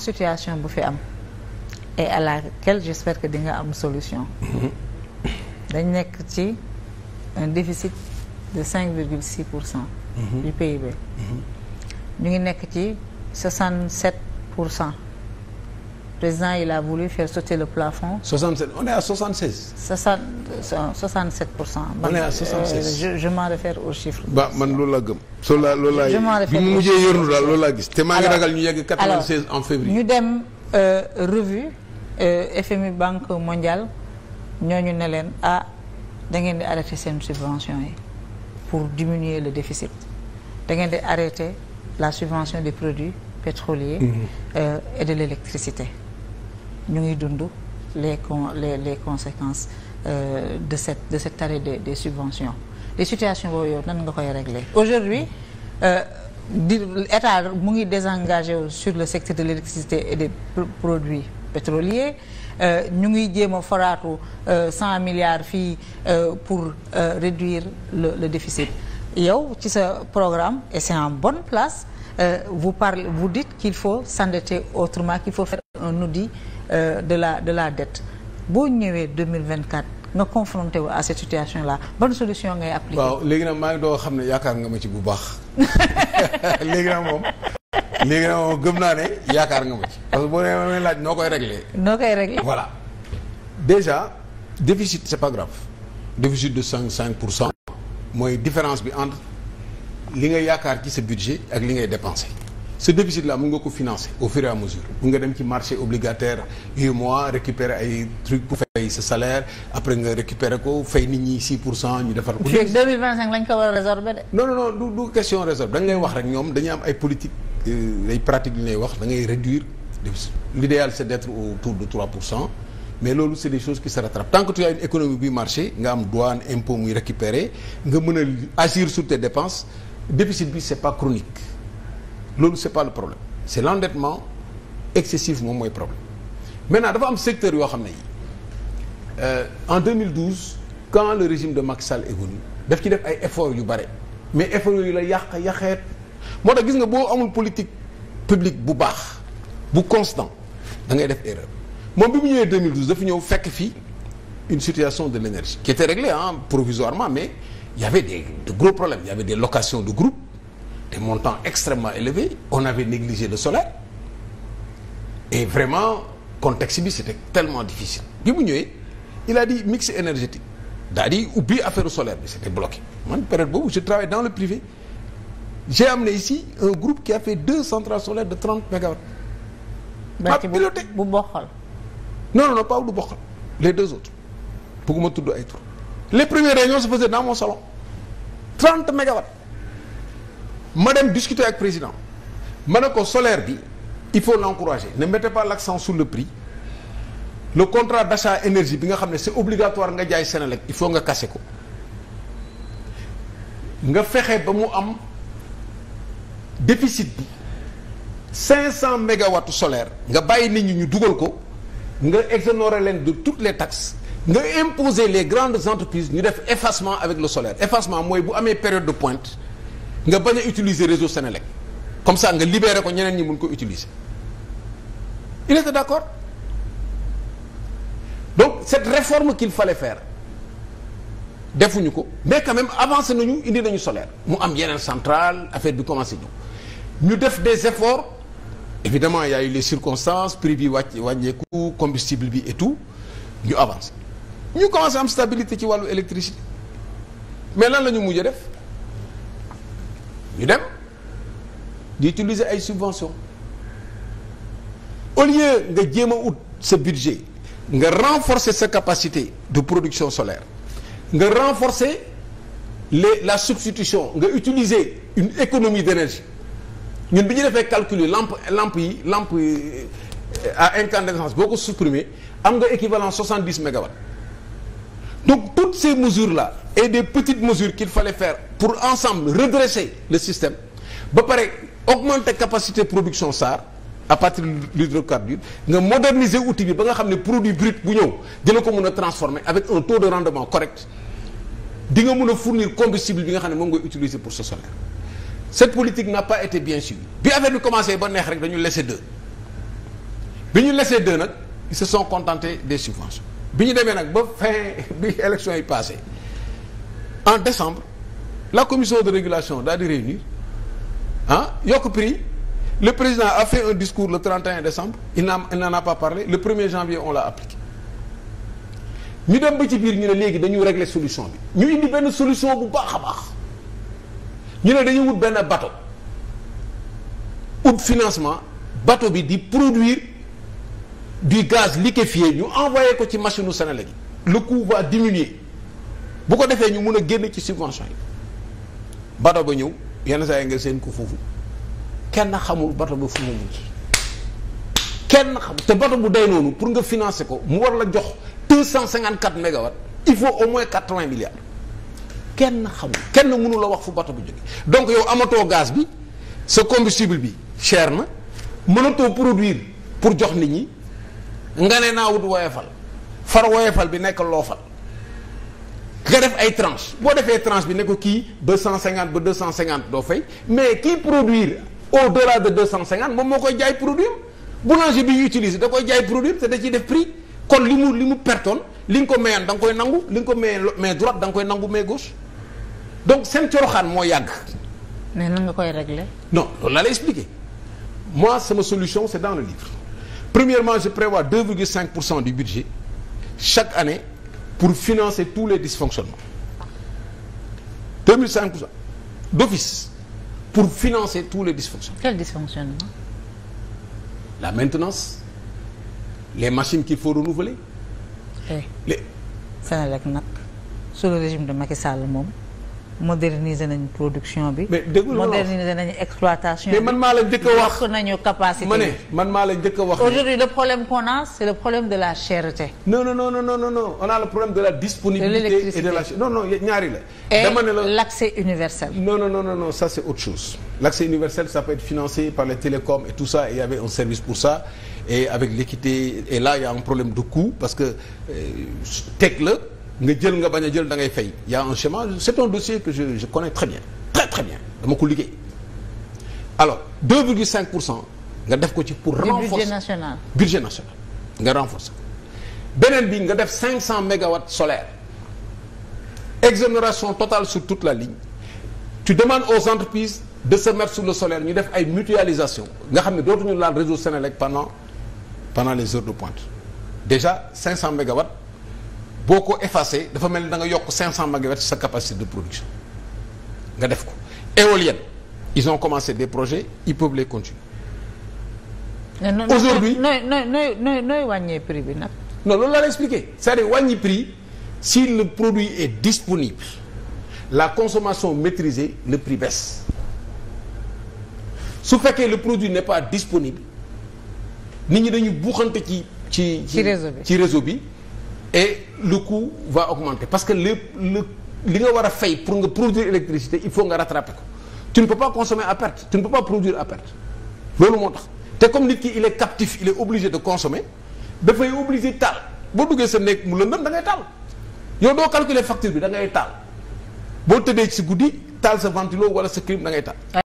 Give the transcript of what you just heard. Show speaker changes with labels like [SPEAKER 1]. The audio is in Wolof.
[SPEAKER 1] situation bu fi am et à laquelle j'espère que di nga am solution dañ nekk ci un déficit de cinq virgule six pour cent
[SPEAKER 2] mhm. du PIB mhm.
[SPEAKER 1] ñu ngi nekk ci soixante-sept pour cent président il a voulu faire sauter le plafond.
[SPEAKER 2] 67 on est à 76.
[SPEAKER 1] 60 67 pour cent. on est à 76 euh, je je m'en réfère aux chiffres.
[SPEAKER 2] ba man loolu laa gëm. soo la loolu laa gis te maa ngi ragal ñu yegg en février. ñu
[SPEAKER 1] dem euh, revue euh, FMI Banque mondiale ñooñu ne leen ah da ngeen di arrêter seen subvention yi pour diminuer le déficit da ngeen di arrêter la subvention des produits pétroliers. Mm-hmm. et de l'électricité ñu ngi dund les con les les conséquences euh, de cette de cet arrêt des des subventions les boobu yow nan nga koy régler aujourd'hui euh, di état mu ngi désengagé sur le secteur de l'électricité et des produits pétroliers euh, ñu ngi jéem a foraatu euh, cent milliards fii euh, pour euh, réduire le le déficit yow ci sa programme et c'est en bonne place euh, vous parlez vous dites qu'il faut s'endetter autrement qu'il faut faire un audit Euh, de la de la dette boo ñëwee 2024 nga confronté wu à cette situation là bonne solution ngay appliquer. waaw
[SPEAKER 2] léegi nag maa ngi doo xam ne yaakaar nga ma ci bu baax léegi gëm naa ne yaakaar nga ci parce que boo nee ma laaj noo koy réglé.
[SPEAKER 1] noo koy réglé
[SPEAKER 2] voilà. déjà déficit c'est pas déficit de cinq cinq pour cent. mooy différence bi entre li nga yaakaar ci sa budget ak li ngay dépensé. ce déficit là mun nga ko financer au fur et à mesure mun nga dem ci marché obligataire huit mois récupérer ay trucs pour fay sa salaire après nga récupérer ko fay nit ñi 6 pour cent ñu defar ko.
[SPEAKER 1] 2025 ko war a résorber de.
[SPEAKER 2] non non non du question résorber dañ lay wax rek ñoom dañuy am ay politique euh, ay pratiques yu ñuy wax da ngay réduire déficit l'idéal c'est d'être autour de 3 pour cent mais loolu c'est des choses qui se rattrapent tant que tu as une économie buy marché nga am douane impôt muy récupérer nga mën a agir bi loolu c'est pas le problème c'est l'endettement excessif moom mooy problème maintenant dafa am secteur yoo xam ne yi euh, en 2012 quand le régime de Macky Sall est daf ci def ay efforts yu bare mais efforts yu la yàq yàqeet moo tax gis nga boo amul politique publique bu baax bu constant da ngay def erreur moom bi mu ñëwee 2012 dafa ñëw fekk fii une situation de l'énergie qui était réglée hein provisoirement mais il y avait des de gros problèmes il y avait de groupes des montants extrêmement élevés on avait négligé le solaire et vraiment contexte bi c'était tellement difficile bi mu ñëwee il a dit mix énergétique daa di ubbi affaire solaire bi c'était bloqué man période boobu je travaille dans le privé j'ai amené ici un groupe qui a fait deux centrales solaires de 30 mégawatts ma te bu bokkal non non non pas du bokkal les deux autres bëgguma tudd ay tur les premières réunions se faisaient dans ma dem discuter ak président ma ne ko solaire bi il faut l'encourager ne mettez pas l'accent sur le prix le contrat d'achat énergie bi nga xam ne c'est obligatoire nga jaay Senelec il faut nga casser ko nga fexe ba mu am déficit bi 500 mégawatts solaire nga bàyyi nit ñi ñu dugal ko nga exonérer leen de toutes les taxes nga imposer les grandes entreprises ñu def effacement avec le solaire effacement mooy bu amee période de pointe nga bañ a utiliser réseau Sénélec comme ça nga libérer ko ñeneen ñi mun ko utiliser il était d'accord donc cette réforme qu'il fallait faire defuñu ko mais quand même avancé nañu indi nañu solaire mu am yeneen centrale affaire bi commencé ñu ñu def des efforts évidemment il y a eu les circonstances prix bi wàcc wàññeeku combustible bi et tout ñu avancé ñu commencé am stabilité ci wàllu électricité mais lan la mujj a def ñu dem di utiliser ay subventions au lieu nga jéem a ut sa budget nga renforcer sa capacité de production solaire nga renforcer les la substitution nga utiliser une économie d'énergie ñun bi ñu defee lamp yi lampe lampe yi lampe euh, à incandescence boo ko supprimer am nga équivalent soixante-dix mégawatts donc toutes ces mesures là et des petites mesures qu'il fallait faire pour ensemble redresser le système ba pare augmenter capacité production SAR à partir de l'hydrocarbure nga moderniser outil bi ba nga xam ne produit brut bu ñëw dina ko mën a transformer avec un taux de rendement correct di nga mën a fournir combustible bi nga xam ne moom ngay utiliser pour sa solaire cette politique n'a pas été bien suivie bi affaire bi commencé ba neex rek dañu laisser deux bi ñu laisser deux nag ils se sont contentés des bi ñu demee nag ba fin bi élection yi passé en décembre la commission de régulation daal di réunir ah yokk prix le président a fait un discours le 31 décembre il n'en il n'en a pas parlé le 1er janvier on l'a appliqué ñu dem ba ci biir ñu ne léegi dañu régler solution bi ñu indi benn solution bu baax a baax ñu ne dañu wut benn bateau ut financement bateau bi di produir du gaz liquéfié ñu envoyé ko ci machine u Senelec lu le coût va diminuer bu ko defee ñu mun a génn ci subvention yi bato ba ñëw yenn saa yi nga seen ko foofu kenn xamul bato ba fu mu mujj kenn xam te bato bu day noonu pour nga financer ko mu war la jox deux cent cinquante quatre mégawatts il faut au moins quatre vingt milliards kenn xamul kenn mënu la wax fu bato bu jóge donc yow amatoo gaz bi sa combustible bi cher na mënatoo produire pour jox nit ñi nga ne naa wut woyofal far woyofal bi nekk loofal nga def ay tranche boo defee tranche bi ne ko kii deux cent cinquante ba deux cent cinquante doo fay mais kii produire au deux cent cinquante moom moo koy jaay produit boulanger bi utiliser da koy jaay produit te da ciy def prix kon li mu li mu pertoon li nga ko mayoon da nga koy nangu li nga ko mayoon main droite nga koy nangu main gauche seen coroxaan moo yàgg.
[SPEAKER 1] mais nan nga koy régler.
[SPEAKER 2] non loolu laa lay expliquer moi sama solution c'est dans le livre. premièrement je prévois 2,5 pour cent du budget chaque année pour financer tous les dysfonctionnements 2,5 pour cent d'office pour financer tous les dysfonctionnements. Quels dysfonctionnements? La maintenance les machines qu'il faut renouveler. Hey. Eh, les
[SPEAKER 1] Sénélec nag sous le régime de Macky Sall moom. moderniser nañu production bi. mais
[SPEAKER 2] déglu ma moderniser nañu exploitation bi. mais man maa la njëkk a wax
[SPEAKER 1] nañu capacité
[SPEAKER 2] ma man maa la njëkk wax. aujourd'hui
[SPEAKER 1] le problème qu'on a c'est le problème de la cherté.
[SPEAKER 2] non non non non non non on a le la disponibilité. De et de la non non ñaari la. dama ne la et l'accès universel. non non non non non ça c'est autre chose. l'accès universel ça peut être financé par les télécoms et tout ça il y avait un service pour ça et avec l'équité et là il y a un problème de coût parce que euh, la. nga jël nga bañ a jël da ngay fay y a un chemin c'est un dossier que je je connais très bien très très bien dama ko liggéey alors nga def ko ci pour renforcer budget national budget national nga renforcer beneen bi nga def 500 mégawatts solaire exonération totale sur toute la ligne tu demandes aux entreprises de se mettre sur le solaire ñu def ay mutualisation nga xam ne dootuñu laal réseau Sénélec pendant pendant les heures de pointe déjà 500 mégawatts boo ko effacé dafa mel ni da nga yokk 500 mégawatts sa capacité de production nga def ko éolienne ils ont commencé des projets ils peuvent les continuer.
[SPEAKER 1] aujourd'hui nooy nooy nooy nooy wàññee prix bi nag.
[SPEAKER 2] non loolu laa la expliqué cest à wàññi prix si le produit est disponible la consommation maîtrisée le prix baisse su fekkee le produit ne pas disponible nit ñi dañu buuxante ci ci ci réseau bi ci réseau bi. et le coût va augmenter parce que lépp le li nga war a fay pour nga produire électricité il faut nga rattraper ko tu ne consommer à perte tu ne peux à perte loolu moo tax te comme nit ki il est captif il est obligé de consommer dafay obligé taal boo duggee sa néeg mu lëndëm da ngay taal yow doo calculer facture bi da ngay taal boo tëddee ci guddi taal sa ventilo wala sa clim da ngay taal